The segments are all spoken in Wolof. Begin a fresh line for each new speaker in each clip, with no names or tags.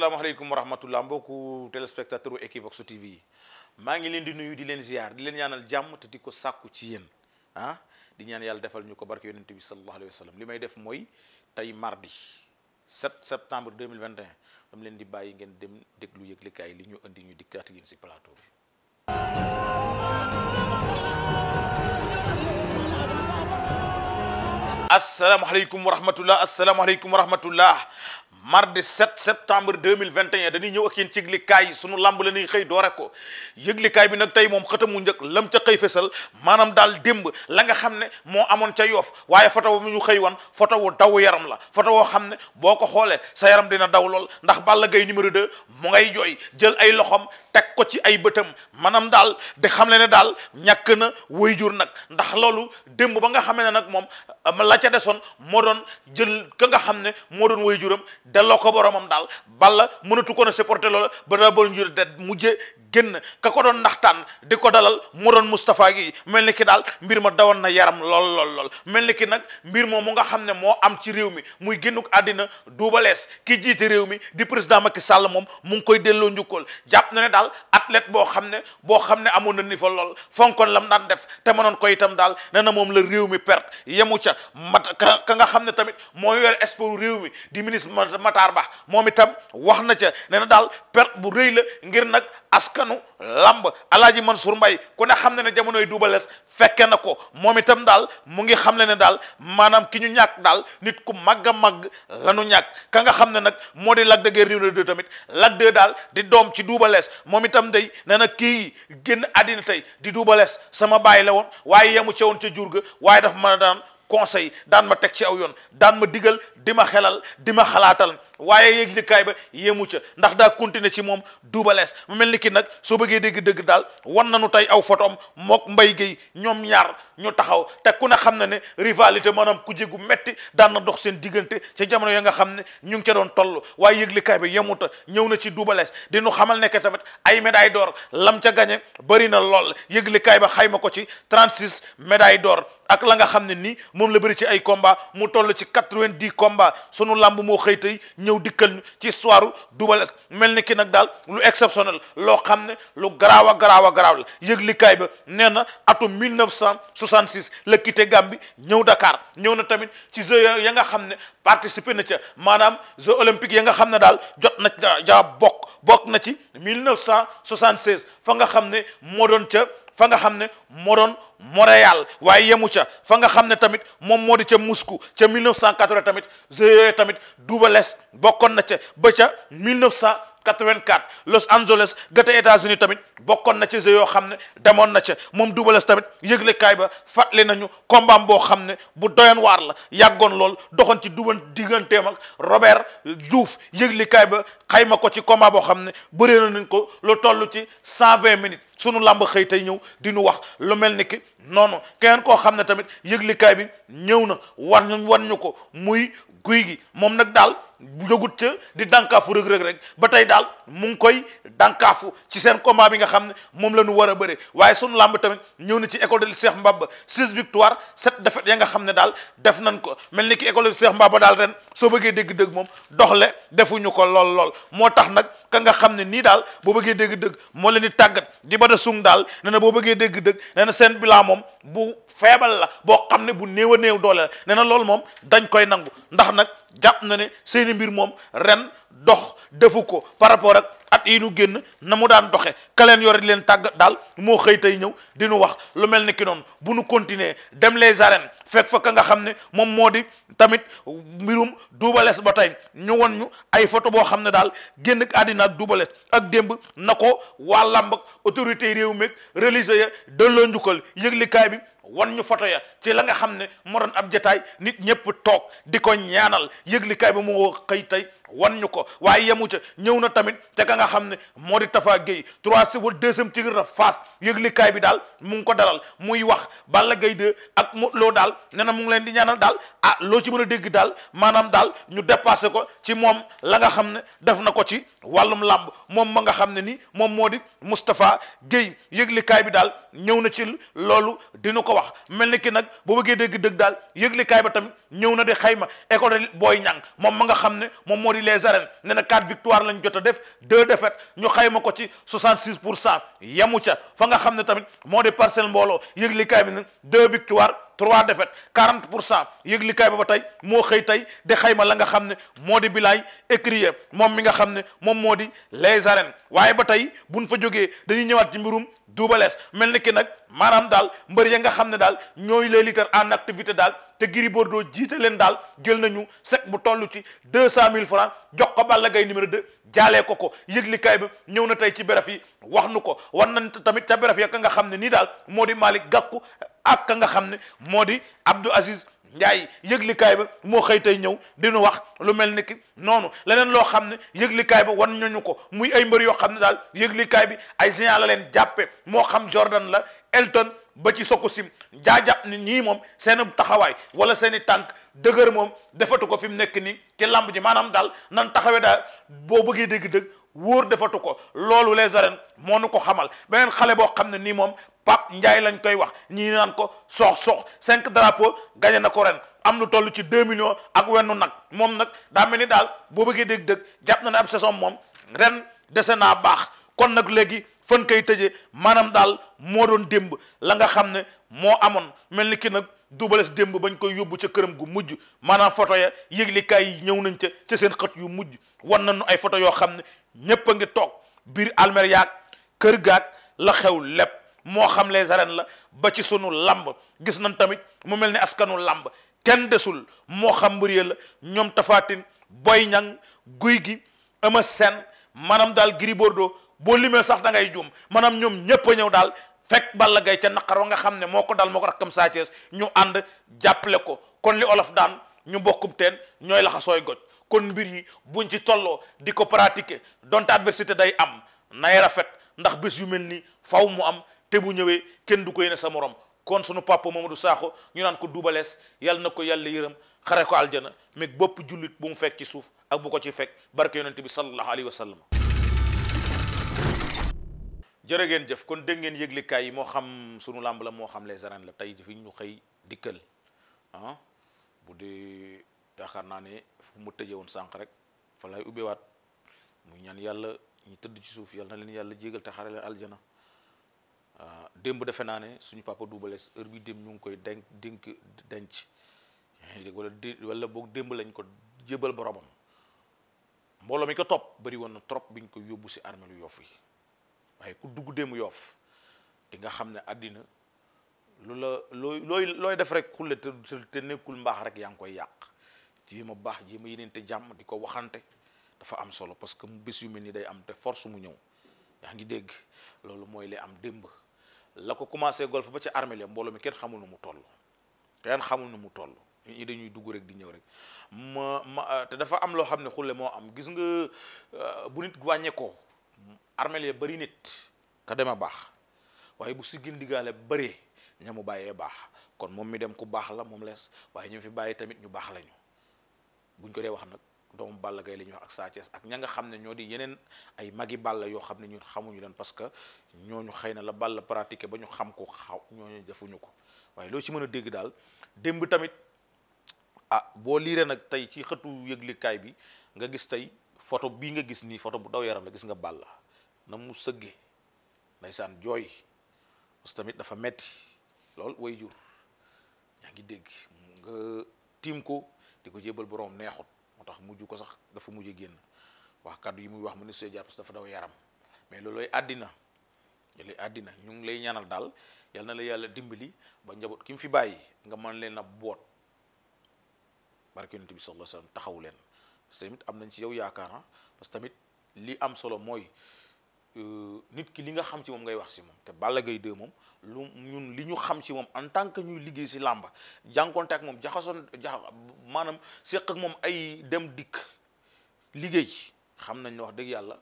asalaamaaleykum wa rahmatullah mbokku téléspectateur u Equivox TV yi maa ngi leen di nuyu di leen ziar di leen ñaanal jàmm te di ko sàkku ci yéen ah di ñaan yàlla defal ñu ko barke yonent bi sallallahu alayhi wa sallam li may def mooy tey mardi 7 septembre 2021 dam leen di bàyyi ngeen dem déglu yëglikaay li ñu indi ñu dikkaat yéen si plateau bi asalaamaaleykum wa rahmatullah asalaamaaleykum wa rahmatullah mardi 7 17 septembre 2021 dañuy ñëw ak yéen ci yëglikaay yi sunu lamb la ñuy xëy doore ko yëglikaay bi nag tey moom xëtam mu njëkk lam ca xëy fesal maanaam daal démb la nga xam ne moo amoon ca yoof waaye foto mu ñu xëy wan foto wu daw yaram la foto woo xam ne boo ko xoolee sa yaram dina daw lool ndax Balla Gaye numéro 2 mu ngay jooy jël ay loxom teg ko ci ay bëtam maanaam daal di xam le ne daal ñàkk na way jur nag ndax loolu démb ba nga xamee ne nag moom la ca desoon moo doon jël ka nga xam ne moo doon way juram delloo ko boromam daal Balla mënatu ko na supporter loola ba daa bool njur de mujje génn ka ko doon naxtaan di ko dalal mu doon Moustapha gi mel ni ki daal mbir ma dawoon na yaram lool lool lool mel ni ki nag mbir moom mu nga xam ne moo am ci réew mi muy génnuk àddina duubalees ki jiite réew mi di président Macky Sall moom mu ngi koy delloo njukkal jàpp na ne daal athlète boo xam ne boo xam ne amoon na ni lool fonkoon lam daan def te mënoon ko itam daal nee na moom la réew mi perte yemu ca mat ka nga xam ne tamit moo yore réew mi di ministre Matar Ba moom itam wax na ca nee na daal perte bu rëy la ngir nag askan askanu lamb alaaji Mansour Mbaye ku ne xam ne ne jamonoy duubalees fekke na ko moom itam daal mu ngi xam ne ne daal maanaam ki ñu ñàkk daal nit ku màgg a màgg la nu ñàkk ka nga xam ne nag moo di Lac de Guiers numéro 2 tamit Lac 2 daal di doom ci duubalees moom itam day nee na kii génn àddina tey di duubalees sama bàyyi la woon waaye yemu ca woon ca jur ga waaye daf mën a daan conseil daan ma teg ci aw yoon daan ma digal di ma xelal di ma xalaatal waaye yëglikaay ba yemu ca ndax daa continuer ci moom duubalees mu mel ni kii nag soo bëggee dégg dëgg daal wan nañu tey aw photom mook mbay géey ñoom ñaar ñu taxaw te ku ne xam na ne rivalité maanaam ku jégu metti daan na dox seen diggante ca jamono ya nga xam ne ñu ngi ca doon toll waaye yëglikaay ba ta ñëw na ci duubalees di nu xamal nekk tamit ay médaille d'or lam ca gañe bëri na lool yëglikaay ba xayma ko ci 36 médaille d'or ay combat mu toll ci 90 combat combat sunu lamb moo xëy tey ñëw dikkal ci histoire Double Less mel ni ki nag daal lu exceptionnel loo xam ne lu garaaw a garaaw a garaaw la yëglikaay ba nee na atum 1966 la quitté ñëw Dakar ñëw na tamit ci jeux ya nga xam ne participer na ca maanaam jeux olympiques ya nga xam ne daal jot na ja bokk bokk na ci 1976 fa nga xam ne moo doon ca fa nga xam ne moo Montréal waaye yemu ca fa nga xam ne tamit moom moo di ca Moscou ca 1980 tamit jeux e tamit Double S bokkoon na ca ba ca 1984 Los Angeles ga te États-Unis tamit bokkoon na ca jeux e yoo xam ne demoon na ca moom Double S tamit yëglekaay ba fàttali nañu combat boo xam ne bu doyoon waar la yàggoon lool doxan ci duban digganteem ak Robert Diouf yëglekaay ba xayma ko ci combat boo xam ne bëree nañ ko lu toll ci cent vingt minutes sunu làmb xëy tey ñëw di nu wax lu mel ni ki noonu keneen koo xam ne tamit yëglikaay bi ñëw na war ñu ñu ko muy guy gi moom nag daal jógut ca di dànkaafu Reug Reug rek ba tey daal mu ngi koy dànkaafu ci seen combat bi nga xam ne moom la ñu war a bëre waaye sunu làmb tamit ñëw na ci école de Cheikh Mbaba six victoire sept défaites ya nga xam ne daal def nañ ko mel ni ki école de Cheikh Mbaba daal ren soo bëggee dégg-dégg moom doxle defuñu ko lool lool moo tax nag ka nga xam ne nii daal boo bëggee dégg dëgg moo leen di tàggat di ba da sung daal nee na boo bëggee dégg dëgg nee na seen bilan moom bu feebal la boo xam ne bu néew a néew doole la nee na loolu moom dañ koy nangu ndax nag jàpp na ne seeni mbir moom ren dox defu ko par rapport ak at yi nu génn na mu daan doxe ka leen yore di leen tàggat daal moo xëy tey ñëw dinu wax lu mel ni ki noonu bu nu continuer dem les arènes fekk fa nga xam ne moom moo di tamit mbirum duubalees ba tey ñu won ñu ay photo boo xam ne daal génn ak àddina ak duubalees ak démb na ko waa làmb ak autorité réew meeg religieux ya delloo njukkal yëglikaay bi wan ñu photo ya ci la nga xam ne moo doon ab jataay nit ñëpp toog di ko ñaanal yëglikaay bi mu woo xëy tey wan ñu ko waaye yemu ca ñëw na tamit te ka nga xam ne moo di Tafa Gueye trois siwal deuxième tigre de Fass yëglekaay bi daal mu ngi ko dalal muy wax bala Gaye 2 ak Modou Lo daal nee na mu leen di ñaanal daal ah loo ci mën a dégg daal maanaam daal ñu dépassé ko ci moom la nga xam ne def na ko ci wàllum làmb moom ma nga xam ne ni moom moo di Moustapha Gueye yëglekaay bi daal ñëw na ci loolu dina ko wax mel ni ki nag boo bëggee dégg dëgg daal yëglikaay ba tamit ñëw na di xayma école booy ñang moom ma nga xam ne moom moo di les arènes ne na quatre victoire lañ jot a def deux défaites ñu xayma ko ci 66 pour cent yamu ca fa nga xam ne tamit moo di parcelle mbooloo yëg li kaay bi nag deux victoire trois défaites quarante pour cent yëglikaay ba ba tey moo xëy tey de xayma la nga xam ne moo di bilaay écrier moom mi nga xam ne moom moo di les arènes waaye ba tey buñ fa jógee dañuy ñëwaat ci mbirum duubalees mel ni ki nag maanaam daal mbër ya nga xam ne daal ñooy les lutteurs en activité daal te Gris Bordeaux jiite leen daal jël nañu sec bu toll ci deux cent mille francs jox ko Balla gay numéro de jaalee ko ko yëglikaay bi ñëw na tey ci beraf yi wax nu ko war nañ tamit ca beraf ya nga xam ne nii daal moo di Malick Gakou ak ka nga xam ne moo di Abdou Aziz Ndiaye yëglikaay ba moo xëy ñëw dinu wax lu mel ni ki noonu leneen loo xam ne yëglikaay ba wan nañu ko muy ay mbër yoo xam ne daal yëglikaay bi ay géant la leen jàppe moo xam Jordan la Elton ba ci soko sim jaajàpp ni ñii moom seen taxawaay wala seen i tànk dëgër moom defatu ko fi mu nekk nii ci làmb ji maanaam daal nan taxawee daal boo bëggee dégg-dëgg wóor defatu ko loolu les arènes moo nu ko xamal beneen xale boo xam ne nii moom Pape Ndiaye lañ koy wax ñii naan ko soox sox cinq drapeaux gagné na ko ren am lu toll ci deux millions ak wennu nag moom nag daa mel ni daal boo bëggee dégg dëgg jàpp na ne ab saison moom ren dese naa baax kon nag léegi fan kay tëjee maanaam daal moo doon démb la nga xam ne moo amoon mel ni ki nag dubales démb bañ koy yóbbu ca këram gu mujj maanaam photo ya yëglikaay yi ñëw nañ ca seen xët yu mujj wan nañu ay photo yoo xam ne ñépp a ngi toog biir almer kër gaag la xew lépp moo xam les arènes la ba ci sunu lamb gis nañ tamit mu mel ni askanu làmb kenn desul moo xam mbër la ñoom tafaatin boy ñang guy gi ama seen maanaam daal Gris Bordeaux boo limee sax da ngay juum maanaam ñoom ñépp ñëw daal fekk Balla Gaye ca naqar wa nga xam ne moo ko daal moo ko rakkam Sa Thiès ñu ànd jàppale ko kon li olof daan ñu bokkum teen ñooy laxasooy goj kon mbir yi buñ ci tolloo di ko pratiquer donte adversité day am na nay rafet ndax bés yu mel ni faw mu am te bu ñëwee kenn du ko yéene sa moroom kon sunu moom du Sakho ñu naan ko duubalees yàlla na ko yàlla yërëm xare ko aljana meg bopp jullit bu mu fekk ci suuf ak bu ko ci fekk barke yonente bi sallallahu alayhi wa sallam jërë ngeen jëf kon dégg ngeen yëglikaay yi moo xam sunu làmb la moo xam les arènes la tey fi ñu xëy dikkal ah yaakaar naa ne fu mu tëjee woon sànq rek fa lay ubbewaat mu ñaan yàlla ñu tëdd ci suuf yàlla na leen yàlla jégal te xare leen aljana ah, démb defe naa ne suñu papa duubalees heure bi démb ñu ngi koy denc dénk denc wala wala boog démb lañ ko jébal boromam mbooloo mi ko topp bari woon na trop biñ koy yóbbu si armée lu yoof yi waaye ku dugg démb yoof di nga xam ne àddina lu la looy looy looy def rek xulle te te nekkul mbaax rek yaa ngi koy yàq jéem a baax jii jéem a te jàmm di ko waxante dafa am solo parce que bés yu mel ni day am te force mu ñëw yaa ngi dégg loolu mooy li am démb la ko commencé golf ba ci armée la mbooloo mi kenn xamul nu mu toll kenn xamul na mu toll ñi dañuy dugg rek di ñëw rek ma ma euh, te dafa am loo xam ne xulle moo am gis nga euh, bu nit wàññeekoo armée la bëri nit ka dem a baax waaye bu siggin diggaale bëree ña mu bàyyee baax kon moom mi dem ku baax la moom lees waaye ñu fi bàyyi tamit ñu baax lañu buñ ko dee wax nag doomu Balla gay la ñuy wax ak Sa Thiès ak ña nga xam ne ñoo di yeneen ay magi Balla yoo xam ne ñun xamuñu leen parce que ñooñu xëy na la Balla pratiqué ba ñu xam ko xaw ñoo ñu defuñu ko waaye loo ci mën a dégg daal démb tamit ah boo liiree nag tey ci xëtu yëglikaay bi nga gis tey photo bii nga gis nii photo bu daw yaram la gis nga Balla na mu sëggee ndaysaan jooy parce tamit dafa metti lool way jur yaa ngi dégg nga tiim ko di ko jébal borom neexut moo tax mujj ko sax dafa mujj génn wax kàddu yi muy wax ma ne see jaar parce que dafa daw yaram mais loolooy àddina loolooy àddina ñu ngi lay ñaanal daal yal na la yàlla dimbali ba njaboot ki mu fi bàyyi nga man leen a boot barke yonent bi sallallahu alayhi wasallam taxaw leen parce que tamit am nañ ci yow yaakaar na ah. parce que tamit li am solo mooy. Euh, nit ki li nga xam ci moom ngay wax si moom te Balla Gaye 2 moom lu ñun li ñu xam ci moom en tant que ñuy liggéey si làmba jànkonte ak moom jaxasoon jaxa maanaam séq ak moom ay dem dikk liggéey xam nañ ne wax dëgg yàlla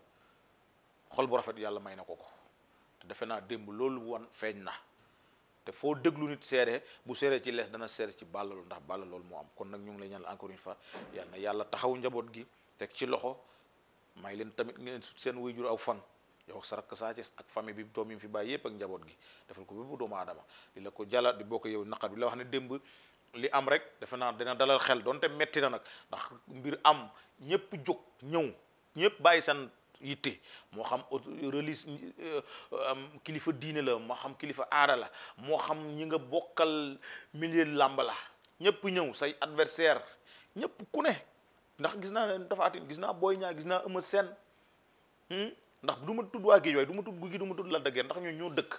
xol bu rafet yàlla may na ko ko defe naa démb loolu wan feeñ na te foo déglu nit seere bu seere ci lees dana seere ci Balla ndax Balla loolu moo am nag ñu ngi lay ñaanal encore une na yàlla taxawu njaboot gi teg ci loxo may leen tamit ngeen seen waajur aw fan yow sa rakk Sa Thiès ak famille bi doom yi mu fi bàyyi yépp ak njaboot gi defal ko bépp doomu aadama di la ko jala di bokk yow naqar bi la wax ne démb li am rek defe naa dina dalal xel donte metti na nag ndax mbir am ñépp jóg ñëw ñépp bàyyi seen yitte moo xam relis euh, kilifa diine la moo xam kilifa aada la moo xam ñi nga bokkal milieu làmb la ñépp ñëw say adversaire ñépp ku ne ndax gis naa ne gis naa Boy Niang gis naa Eumeu Sène Hmm? ndax du ma tudd waa géej waaye du ma tudd Gouye Gui du ma tudd Lac de ndax ñoo ñoo dëkk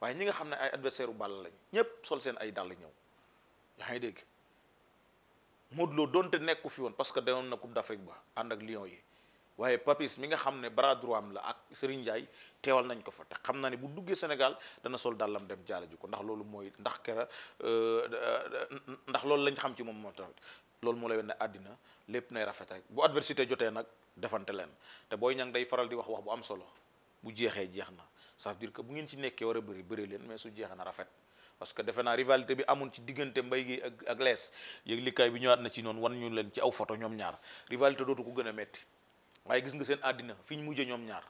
waaye ñi nga xam ne ay adversaire u Balla lañ ñépp sol seen ay dàll ñëw yaa ngi dégg Modou Lo donte nekku fi woon parce que danoon na Coupe d'Afrique ba ànd ak Lions yi waaye Papis mi nga xam ne bras la ak Serigne Ndiaye teewal nañ ko fa te xam naa ne bu duggee Sénégal dana sol dàllam dem jaale ji ko ndax loolu mooy ndax kera euh, euh, euh, ndax loolu lañ xam ci moom moo tax loolu moo lay wane ne àddina lépp nay rafet rek bu adversité jotee nag defante leen te booy Niang day faral di wax wax bu am solo bu jeexee jeex na ça veut dire que bu ngeen ci nekkee war a bëri bëri leen mais su jeexee na rafet parce que defe naa rivalité bi amoon ci diggante mbay gi ak ak lees yëg bi ñëwaat na ci noonu wan ñu leen ci aw foto ñoom ñaar rivalité dootu ko gën a metti waaye gis nga seen àddina fi ñu mujje ñoom ñaar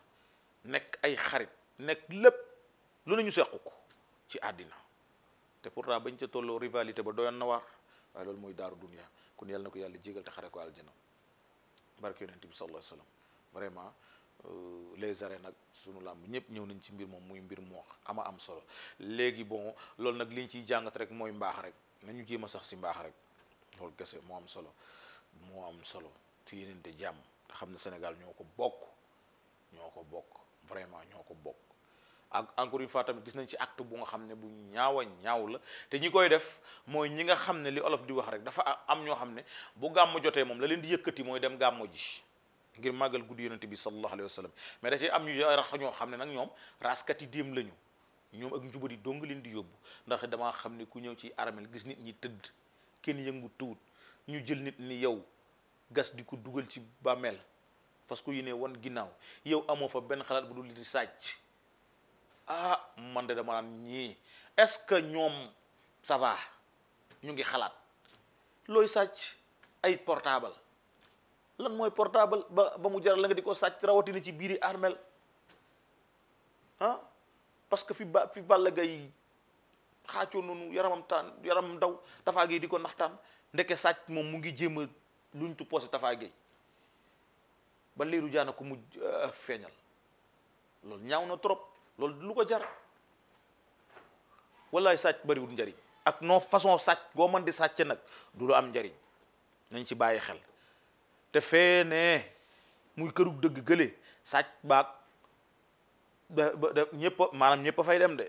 nekk ay xarit nekk lépp lu nañu sequ ko ci àddina te pourtant bañ ca tolloo rivalité ba doyoon na waar loolu mooy daaru dunya kon yàlla na ko yàlla jégal te xare ko aljana barke yonent bi sallallahu alayhi wasallam vraiment euh, les arènes nag sunu làmb ñëpp ñëw nañ ci mbir moom muy mbir moo ama am solo léegi bon loolu nag liñ ciy jàngat rek mooy mbaax rek nañu jéem a sax si mbaax rek loolu kese moo am solo moo am solo fi yenente jàmm te xam ne Sénégal ñoo ko bokk ñoo ko bokk vraiment ñoo ko bokk ak encore une fois tamit gis nañ ci acte bu nga xam ne bu ñaaw a ñaaw la te ñi koy def mooy ñi nga xam ne li olof di wax rek dafa am ñoo xam ne bu gàmm jotee moom la leen di yëkkati mooy dem gàmmo ji ngir màggal guddi yonent bi sallallahu alayhi wa sallam mais da am ñu rax ñoo xam ne nag ñoom raskati déem lañu ñoom ak njubadi dong leen di yóbbu ndax damaa xam ne ku ñëw ci armel gis nit ñi tëdd kenn yëngu tuut ñu jël nit ni yow gas di ko dugal ci bàmmeel fas ko ne won ginnaaw yow amoo fa benn xalaat bu dul di sàcc ah man de dama naan ñii est-ce que ñoom ça ñu ngi xalaat looy sàcc ay portable lan mooy portable ba ba mu jaral la di ko sàcc rawatina ci biiri armel ah parce que fi ba fi Balla Gaye xaacoo noonu yaramam taan yaramam daw Tapha di ko naxtaan ndeke sàcc moom mu ngi jéem a luñ tu posé Tapha ba liiru jaana ko mu euh, feeñal loolu ñaaw na trop loolu lu ko jar wallaay sàcc bëriwul njariñ ak non façon sàcc goo man di sàcc nag du lu am njariñ nañ ci bàyyi xel te feenee muy kërug dëgg gële sàcc baag da ñëpp maanaam ñëpp fay dem de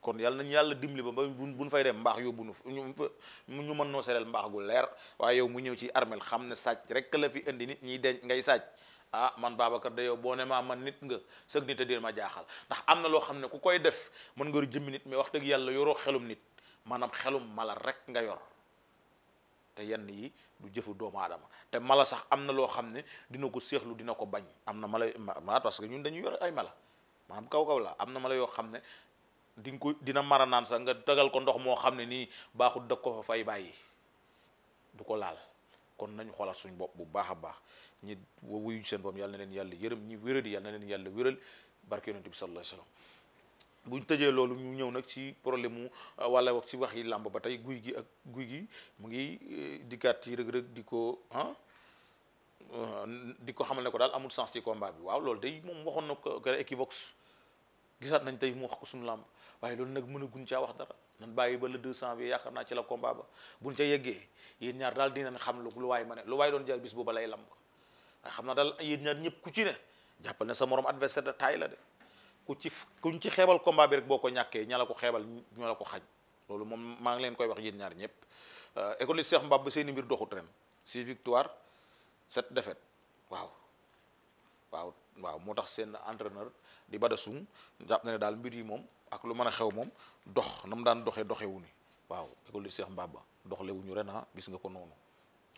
kon yàlla nañu yàlla dimbali ba bu bu buñ fay dem mbaax yóbbu nu ñu mën noo sereel mbaax gu leer waaye yow mu ñëw ci armel xam ne sàcc rekk la fi indi nit ñiy denc ngay sàcc ah man Babacar de yow boo ne maa man nit nga sëg nit a dir ma jaaxal ndax am na loo xam ne ku koy def mën nga jëmmi nit mais wax dëgg yàlla yoroo xelum nit maanaam xelum mala rek nga yor te yenn yi du jëfu doomu aadama te mala sax am na loo xam ne dina ko séexlu dina ko bañ am na mala mala parce que ñun dañuy ay mala maanaam kaw kaw am na mala yoo xam ne di nga ko dina mara naan sax nga tegal ko ndox moo xam ne nii baaxul dag ko fa fay bàyyi du ko laal kon nañu xoolaat suñu bopp bu baax a baax ñi wuyuñ seen boom yàlla na leen yàlla yërëm ñi wéradi yàlla na leen yàlla wéral barke yonent bi sallallahu alayhi bu ñu tëjee loolu ñu ñëw nag ci problème mu euh, wala wax ci wax yi làmb ba tey guy gi ak guy gi mu ngi euh, dikkaat ci rëg-rëg di ko ah euh, di ko xamal ne ko daal amul sens ci combat bi waaw loolu day moom waxoon na ko Equivox gisaat nañ tey mu wax ko suñu làmb waaye loolu nag mën a gun caa wax dara nan bàyyi ba le 200 bi yaakaar naa ci la combat ba buñ ca yëggee yéen ñaar daal dinañ xam lu lu waay ma ne lu waay doon jaar bis boobu lay làmb waaye xam naa daal yéen ñaar ñëpp ku ci ne jàppal ne sa morom adversaire de taille la de ku ci kuñ ci xeebal combat bi rek boo ko ñàkkee ña la ko xeebal ñoo a ko xaj loolu moom maa ngi leen koy wax yéen ñaar ñëpp euh, école seex Mbab ba seeni mbir doxut ren six victoire sept défaite waaw waaw moo tax seen entraîneur di bada sum jàpp na ne daal mbir yi moom ak lu mën a xew moom dox na mu daan doxee doxewu ni waaw école Cheikh Mbab ba doxlewuñu ren ah gis nga ko noonu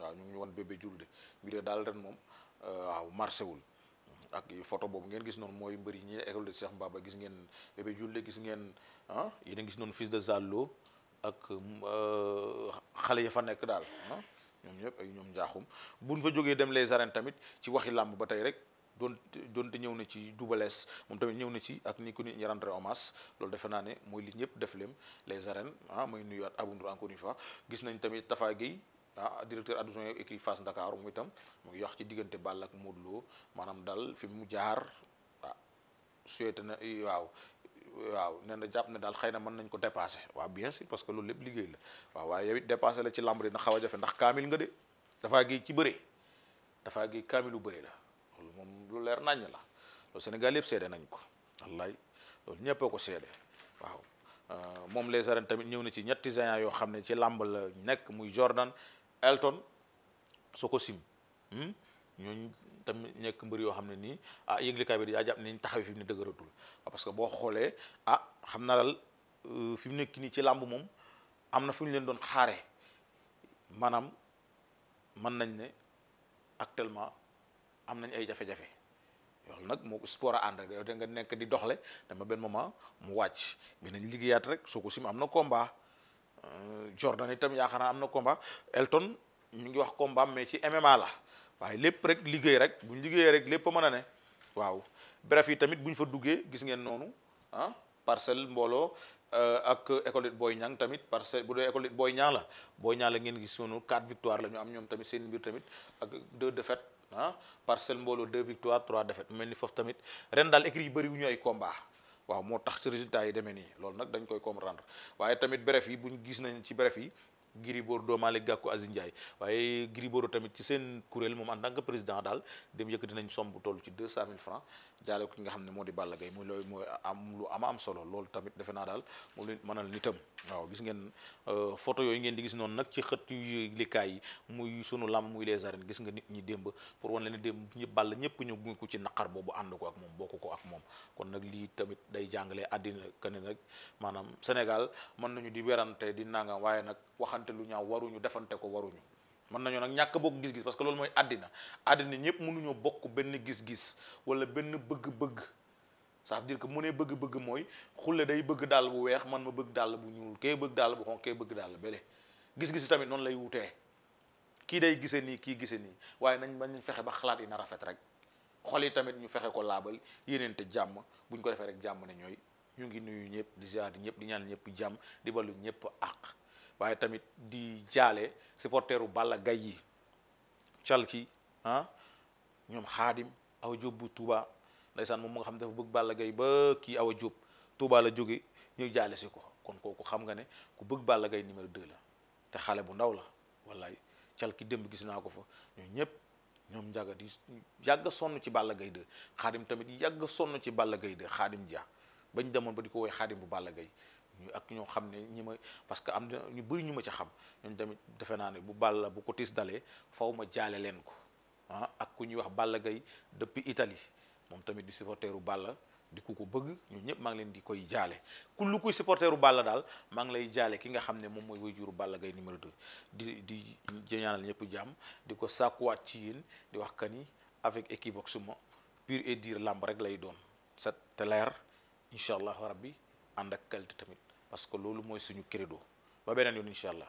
waaw ñu ngi ñu wan bébé julde mbir daal ren moom Euh, waaw marché wul ak photo boobu ngeen gis noonu mooy mbëri ñi école de Cheikh Baba gis ngeen bébé Julle gis ngeen ah yéen a gis noonu fils de Zallo ak euh, xale ya fa nekk daal ah, ñoom ñëpp ay ñoom njaaxum buñ fa jógee dem les arènes tamit ci waxi làmb ba tey rek doon doonte ñëw na ci dubalees moom tamit ñëw na ci ak ni ko ni ñu rendre hommage loolu defe naa ne mooy li ñëpp def leem les arènes ah mooy nuyuwaat Abou Ndour encore une gis nañ tamit Tafa Gueye ah directeur adjoint yu écrit ndakaaru Dakar tam itam mu ngi ci diggante Balla ak Modou Lo maanaam daal fi mu jaar ah na waaw waaw nee na jàpp ne daal xëy na mën nañ ko dépassé waaw bien sûr parce que loolu lépp liggéey la waaw waaye yow it dépassé la ci lamb dina xaw a jafe ndax kaamil nga de dafaa géey ci bëree dafaa géey kaamilu bëree la loolu moom lu leer naññ la loolu Sénégal yëpp seede nañ ko wallaay loolu ñëpp ko seede waaw euh, moom les arènes tamit ñëw na ci ñetti géants yoo xam ne ci lamb la nekk muy Jordan Elton Sococim hmm? ñooñ tamit nekk mbër yoo xam ne nii ah yëglikaay bi yaa jàpp ne taxaw fi mu ne dëgëratul ah, parce que boo xoolee ah xam na daal euh, fi mu nekk nii ci làmb moom am na fu leen doon xaare maanaam mën nañ ne actuellement am nañ ay jafe-jafe loolu nag moo sport a ànd rek yow da nekk di doxle dama benn moment mu wàcc mais nañ liggéeyaat rek sim am na combat. Euh, Jordan itam yaakaar xanaa am na combat Elton ñu ngi wax combat mais ci MMA la waaye lépp rek liggéey rek bu ñu liggéeyee rek lépp mën a ne waaw bref yi tamit bu fa duggee gis ngeen noonu ah parcelle mbooloo euh, ak école it Boy Niang tamit parcelle bu dee école it Boy Niang la Boy Niang la ngeen gis noonu 4 victoire la ñu am ñoom tamit seen mbir tamit ak 2 défaites ah parcelle mbooloo 2 victoire 3 défaites mel ni foofu tamit ren daal écrit yi bëri wu ay combat waaw moo tax ci résultat yi demee nii lool nag dañ koy comprendre waaye tamit bref yi buñ gis nañ ci bref yi Gris Bordeaux Malick Gakou Aziz Ndiaye waaye Gris Bordeaux tamit ci seen kuréel moom en tant président daal dem yëkkati nañ somb tollu ci 200 000 francs jaale ko ki nga xam ne moo di Balla Gaye muy loolu mooy am lu ama am solo loolu tamit defe naa daal moo leen mënal nitam waaw gis ngeen euh, photo yooyu ngeen di gis noonu nag ci xët yu likaay yi muy sunu làmb muy les arènes gis nga nit ñi démb pour wan leen démb ñu ball ñëpp ñu gunge ko ci naqar boobu ànd ko ak moom bokk ko ak moom kon nag lii tamit day jàngalee àddina kani nag maanaam Sénégal mën nañu di werante di nanga waaye nag waxante lu ñaaw waruñu defante ko waruñu mën nañoo nag ñàkk bokk gis-gis parce que loolu mooy àddina àddina ñëpp mënuñoo bokk benn gis-gis wala benn bëgg-bëgg ça veut dire que mu ne bëgg-bëgg mooy xulle day bëgg dàll bu weex man ma bëgg dàll bu ñuul kee bëgg dàll bu xonq kee bëgg dal bële gis-gis tamit noonu lay wutee kii day gise nii kii gise nii waaye nañ bañ fexe ba xalaat yi na rafet rek xol yi tamit ñu fexe ko laabal yéneente jàmm buñ ko defee rek jàmm ne ñooy ñu ngi nuyu ñëpp di ziar ñëpp di ñaan ñëpp jàmm di balu ñëpp àq waaye tamit di jaale supporteru Balla gay yi calki ah ñoom xaadim aw jóbbu Touba. ndaysaan moom mu nga xam dafa bëgg Balla gay ba kii Awa Diop Touba la jóge ñuy jaale si ko kon kooku xam nga ne ku bëgg Balla gay numéro 2 la te xale bu ndaw la wallaay cal ki démb gis naa ko fa ñoo ñëpp ñoom njaga di sonn ci Balla Gaye 2 tamit yàgg sonn ci Balla Gaye 2 xaadim bañ demoon ba di ko woy bu Balla Gaye ak ñoo xam ne ñi ma parce que am na ñu bëri ñu ma ca xam ñoom tamit defe naa ne bu Balla bu ko tiis dalee faw ma jaale leen ko ah ak ku ñuy wax Balla Gaye depuis Italie moom tamit di supporteru Balla di ku ko bëgg ñu ñëpp maa ngi leen di koy jaale ku lu kuy supporteru Balla daal maa ngi lay jaale ki nga xam ne moom mooy wayjuru Balla Gaye numéro 2 di di ñaanal ñëpp jàmm di ko sàkkuwaat ci yéen di wax que ni avec équivoque suma pur et dire lamb rek lay doon set te leer incha allah rabbi ànd ak qualité tamit parce que loolu mooy suñu credo ba beneen yoon incha allah.